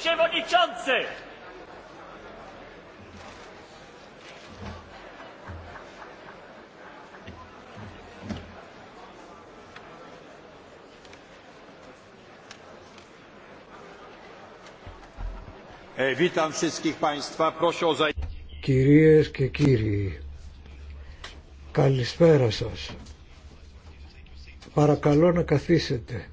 Przewodniczący! E, Κυρίες και κύριοι, καλησπέρα σας. Παρακαλώ να καθίσετε.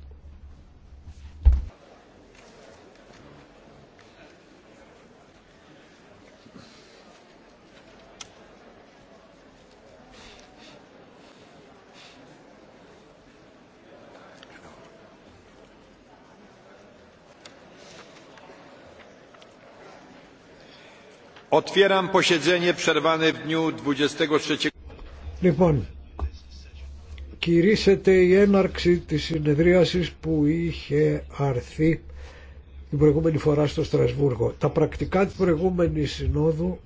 Otwieram posiedzenie przerwane Λοιπόν, κηρύσσεται η έναρξη της συνεδρίασης που είχε αρθεί την προηγούμενη φορά στο Στρασβούργο. Τα πρακτικά της προηγούμενης συνόδου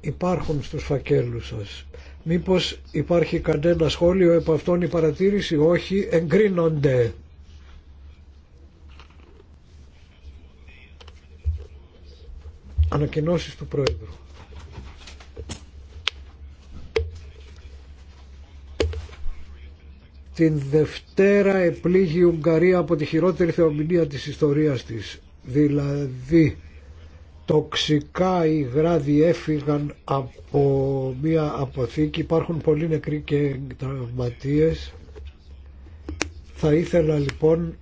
υπάρχουν στους φακέλους σας. Μήπως υπάρχει κανένα σχόλιο επ' αυτόν η παρατήρηση, όχι, εγκρίνονται. Ανακοινώσεις του Πρόεδρου. Την Δευτέρα επλήγει η Ουγγαρία από τη χειρότερη θεομηνία της ιστορίας της. Δηλαδή τοξικά οι γράδι έφυγαν... από μία αποθήκη. Υπάρχουν πολλοί νεκροί και τραυματίες. Θα ήθελα λοιπόν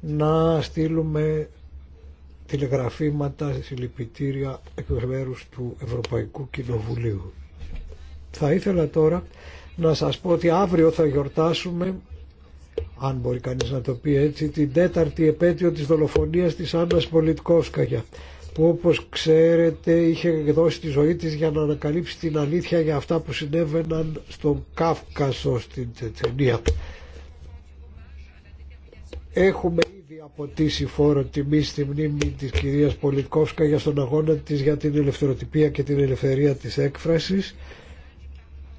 να στείλουμε τηλεγραφήματα συλληπιτήρια εκ μέρου του Ευρωπαϊκού Κοινοβουλίου. Θα ήθελα τώρα να σας πω ότι αύριο θα γιορτάσουμε, αν μπορεί κανείς να το πει έτσι, την τέταρτη επέτειο της δολοφονίας της Άννας Πολιτικόσκαγια που όπως ξέρετε είχε δώσει τη ζωή της για να ανακαλύψει την αλήθεια για αυτά που συνέβαιναν στον Κάφκασο στην Τσετσενία. Έχουμε από τη φόρο τιμή στη μνήμη της κυρίας Πολικόφσκα για στον αγώνα της για την ελευθεροτυπία και την ελευθερία της έκφρασης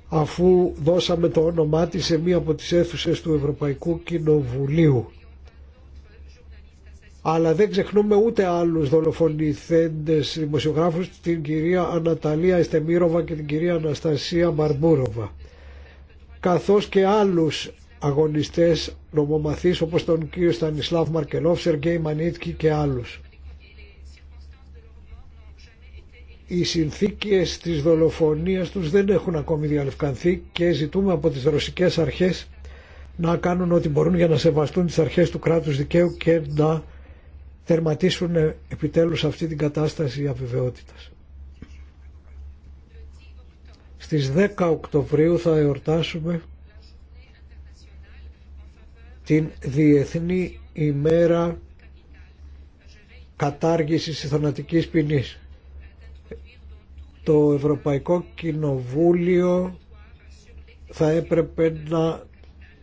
αφού δώσαμε το όνομά της σε μία από τις αίθουσες του Ευρωπαϊκού Κοινοβουλίου. Αλλά δεν ξεχνούμε ούτε άλλους δολοφονηθέντες δημοσιογράφους, την κυρία Αναταλία Εστεμίροβα και την κυρία Αναστασία Μαρμούροβα καθώς και άλλους αγωνιστές νομομαθείς όπως τον κύριο Στανισλάβ Μαρκελόφ, Σεργέη Μανίτκι και άλλους. Οι συνθήκες της δολοφονίας τους δεν έχουν ακόμη διαλευκανθεί και ζητούμε από τις ρωσικές αρχές να κάνουν ό,τι μπορούν για να σεβαστούν τις αρχές του κράτους δικαίου και να τερματίσουν επιτέλους αυτή την κατάσταση αβεβαιότητας. Στις 10 Οκτωβρίου θα εορτάσουμε την Διεθνή ημέρα κατάργησης θανατικής ποινής. Το Ευρωπαϊκό Κοινοβούλιο θα έπρεπε να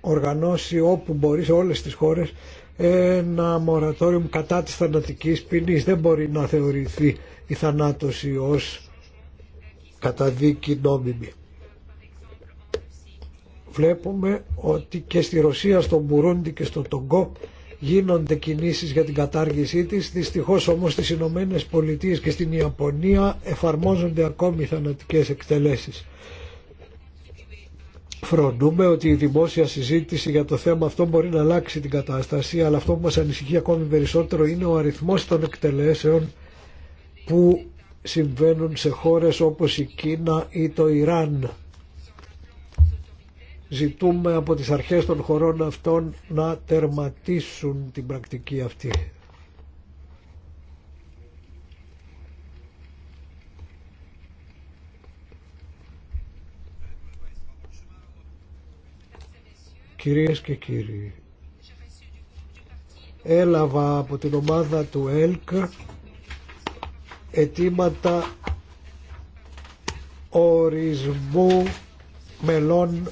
οργανώσει όπου μπορεί σε όλες τις χώρες ένα μορατόριο κατά της θανατικής ποινής. Δεν μπορεί να θεωρηθεί η θανάτωση ως καταδίκη νόμιμη βλέπουμε ότι και στη Ρωσία, στον Μπουρούντι και στο Τονγκό γίνονται κινήσεις για την κατάργησή της. Δυστυχώς όμως στις Ηνωμένε Πολιτείε και στην Ιαπωνία εφαρμόζονται ακόμη θανατικές εκτελέσεις. Φρονούμε ότι η δημόσια συζήτηση για το θέμα αυτό μπορεί να αλλάξει την κατάσταση, αλλά αυτό που μας ανησυχεί ακόμη περισσότερο είναι ο αριθμός των εκτελέσεων που συμβαίνουν σε χώρες όπως η Κίνα ή το Ιράν ζητούμε από τις αρχές των χωρών αυτών να τερματίσουν την πρακτική αυτή. Κυρίες και κύριοι, έλαβα από την ομάδα του ΕΛΚ αιτήματα ορισμού μελών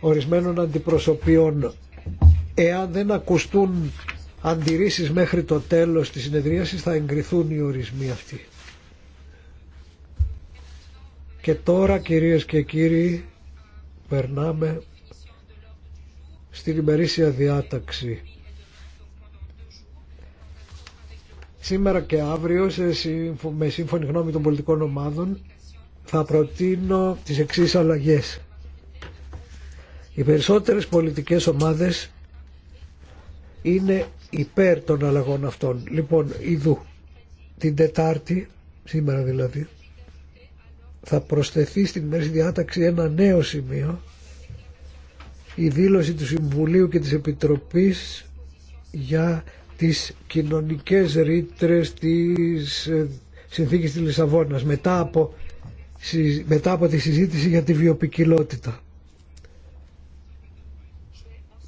ορισμένων αντιπροσωπείων Εάν δεν ακουστούν αντιρρήσεις μέχρι το τέλος της συνεδρίασης θα εγκριθούν οι ορισμοί αυτοί. Και τώρα κυρίες και κύριοι περνάμε στην ημερήσια διάταξη. Σήμερα και αύριο με σύμφωνη γνώμη των πολιτικών ομάδων θα προτείνω τις εξής αλλαγές. Οι περισσότερες πολιτικές ομάδες είναι υπέρ των αλλαγών αυτών. Λοιπόν, ειδού την Τετάρτη, σήμερα δηλαδή, θα προσθεθεί στην μέση διάταξη ένα νέο σημείο η δήλωση του Συμβουλίου και της Επιτροπής για τις κοινωνικές ρήτρε της ε, συνθήκης της Λισαβόνας μετά από, μετά από τη συζήτηση για τη βιοπικιλότητα.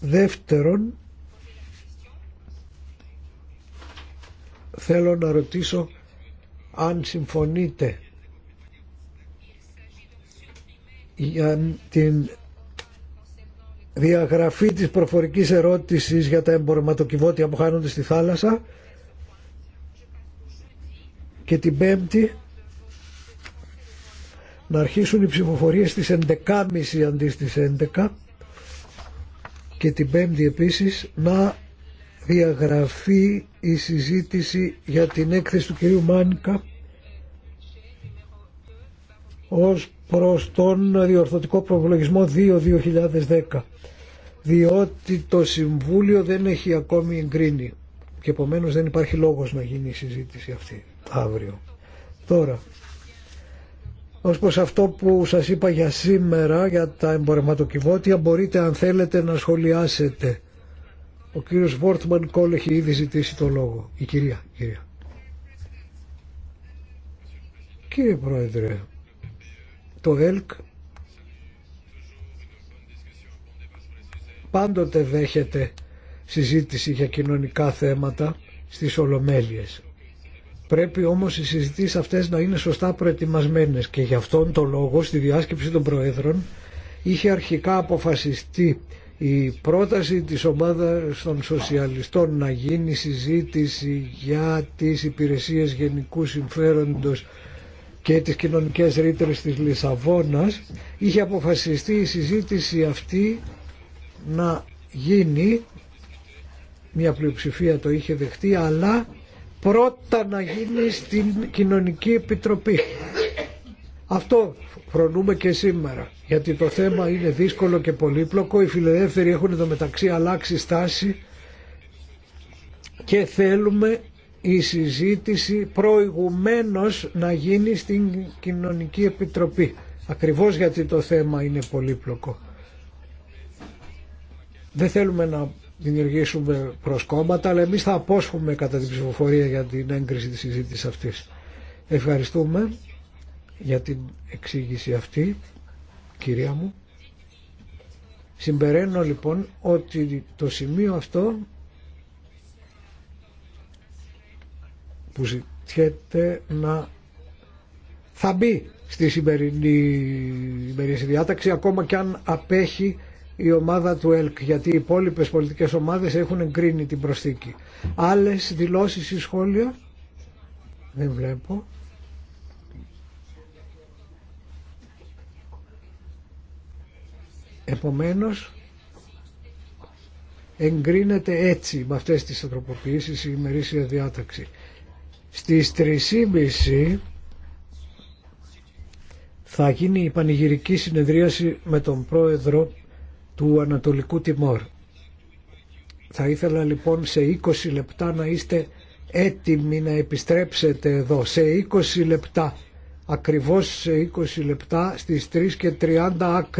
Δεύτερον, θέλω να ρωτήσω αν συμφωνείτε για την διαγραφή της προφορικής ερώτησης για τα εμπορματοκιβώτια που χάνονται στη θάλασσα και την πέμπτη να αρχίσουν οι ψηφοφορίες στις 11.30 αντί στις 11 και την Πέμπτη επίσης να διαγραφεί η συζήτηση για την έκθεση του κυρίου Μάνικα ως προς τον διορθωτικό προπολογισμό 2-2010 διότι το Συμβούλιο δεν έχει ακόμη εγκρίνει και επομένω δεν υπάρχει λόγος να γίνει η συζήτηση αυτή αύριο. Τώρα, ως προς αυτό που σας είπα για σήμερα, για τα εμπορευματοκιβώτια, μπορείτε αν θέλετε να σχολιάσετε. Ο κύριος Βόρτμαν Κόλ έχει ήδη ζητήσει το λόγο. Η κυρία, κυρία. Κύριε Πρόεδρε, το ΕΛΚ πάντοτε δέχεται συζήτηση για κοινωνικά θέματα στις Ολομέλειες. Πρέπει όμως οι συζητήσεις αυτές να είναι σωστά προετοιμασμένες και γι' αυτόν τον λόγο στη διάσκεψη των Προέδρων είχε αρχικά αποφασιστεί η πρόταση της ομάδας των σοσιαλιστών να γίνει συζήτηση για τις υπηρεσίες γενικού συμφέροντος και τις κοινωνικές ρήτρες της Λισαβόνας είχε αποφασιστεί η συζήτηση αυτή να γίνει μια πλειοψηφία το είχε δεχτεί αλλά πρώτα να γίνει στην Κοινωνική Επιτροπή. Αυτό φρονούμε και σήμερα, γιατί το θέμα είναι δύσκολο και πολύπλοκο. Οι φιλελεύθεροι έχουν εδώ μεταξύ αλλάξει στάση και θέλουμε η συζήτηση προηγουμένως να γίνει στην Κοινωνική Επιτροπή. Ακριβώς γιατί το θέμα είναι πολύπλοκο. Δεν θέλουμε να δημιουργήσουμε προσκόμματα, αλλά εμείς θα απόσχουμε κατά την ψηφοφορία για την έγκριση της συζήτησης αυτής. Ευχαριστούμε για την εξήγηση αυτή, κυρία μου. Συμπεραίνω λοιπόν ότι το σημείο αυτό που ζητιέται να θα μπει στη σημερινή, σημερινή διάταξη ακόμα και αν απέχει η ομάδα του ΕΛΚ, γιατί οι υπόλοιπε πολιτικές ομάδες έχουν εγκρίνει την προσθήκη. Άλλες δηλώσεις ή σχόλια, δεν βλέπω. Επομένως, εγκρίνεται έτσι με αυτές τις ανθρωποποιήσεις η ημερήσια διάταξη. Στις 3.30 θα γίνει η πανηγυρική συνεδρίαση με τον πρόεδρο του Ανατολικού Τιμόρ. Θα ήθελα λοιπόν σε 20 λεπτά να είστε έτοιμοι να επιστρέψετε εδώ. Σε 20 λεπτά, ακριβώς σε 20 λεπτά στις 3 και 30 άκρη.